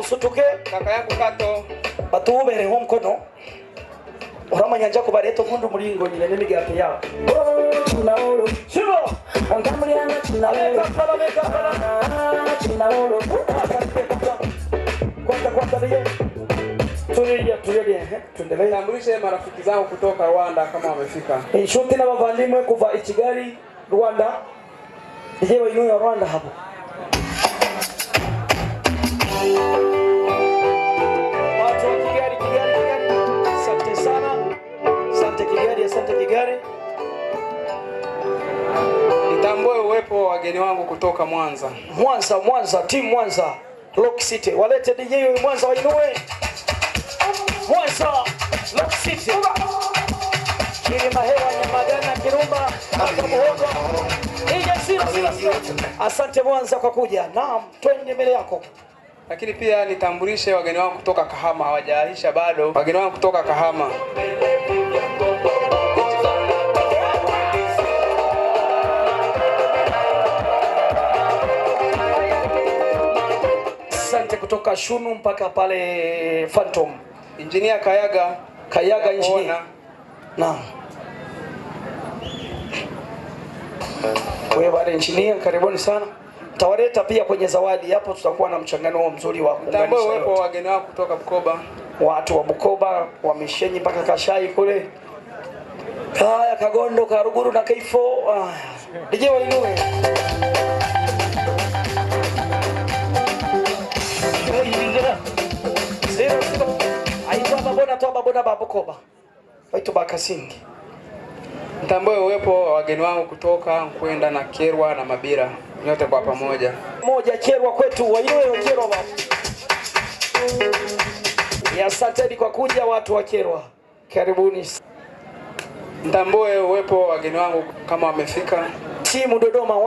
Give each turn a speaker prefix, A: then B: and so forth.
A: musutuke kaka yangu kato batubereho omukono oramanya nja kundu muri ngo nyine shimo angamuri ana n'emigaati yaabo
B: Nitambulishe marafiki zangu kutoka Rwanda kama wamefika.
A: Inshuti na wavandimwe kuva Ikigali, Rwanda. Ndiye wainuyo Rwanda hapo.
B: walikuwepo wageni wangu kutoka Mwanza.
A: Mwanza, Mwanza, team Mwanza, Rock City. Walete DJ wa Mwanza wainue. Mwanza, Rock City. Kilima hewa Nyamagana Kirumba sio sio. Asante Mwanza kwa kuja. Naam, twende mbele yako
B: lakini pia nitambulishe wageni wangu kutoka Kahama, hawajaisha bado.
A: Wageni wangu kutoka Kahama kutoka Shunu mpaka pale Phantom.
B: Engineer Kayaga,
A: Kayaga engineer. Naam. Kwa hiyo baada injinia, karibuni sana. Tawaleta pia kwenye zawadi hapo, tutakuwa na mchanganuo mzuri wa
B: kuunganisha uwepo wa wageni wako kutoka Bukoba,
A: watu wa Bukoba wameshenyi mpaka Kashai kule, haya Kagondo, Karuguru na Kaifo. Ah, DJ wainue na babukoba baitu bakasingi
B: Nitambue uwepo wa wageni wangu kutoka kwenda na kerwa na Mabira, nyote kwa pamoja.
A: Moja Kyerwa kwetu, wayoyo Kyerwa Ya Asanteni kwa kuja watu wa Kyerwa, karibuni.
B: Nitambue uwepo wa wageni wangu kama wamefika
A: timu Dodoma.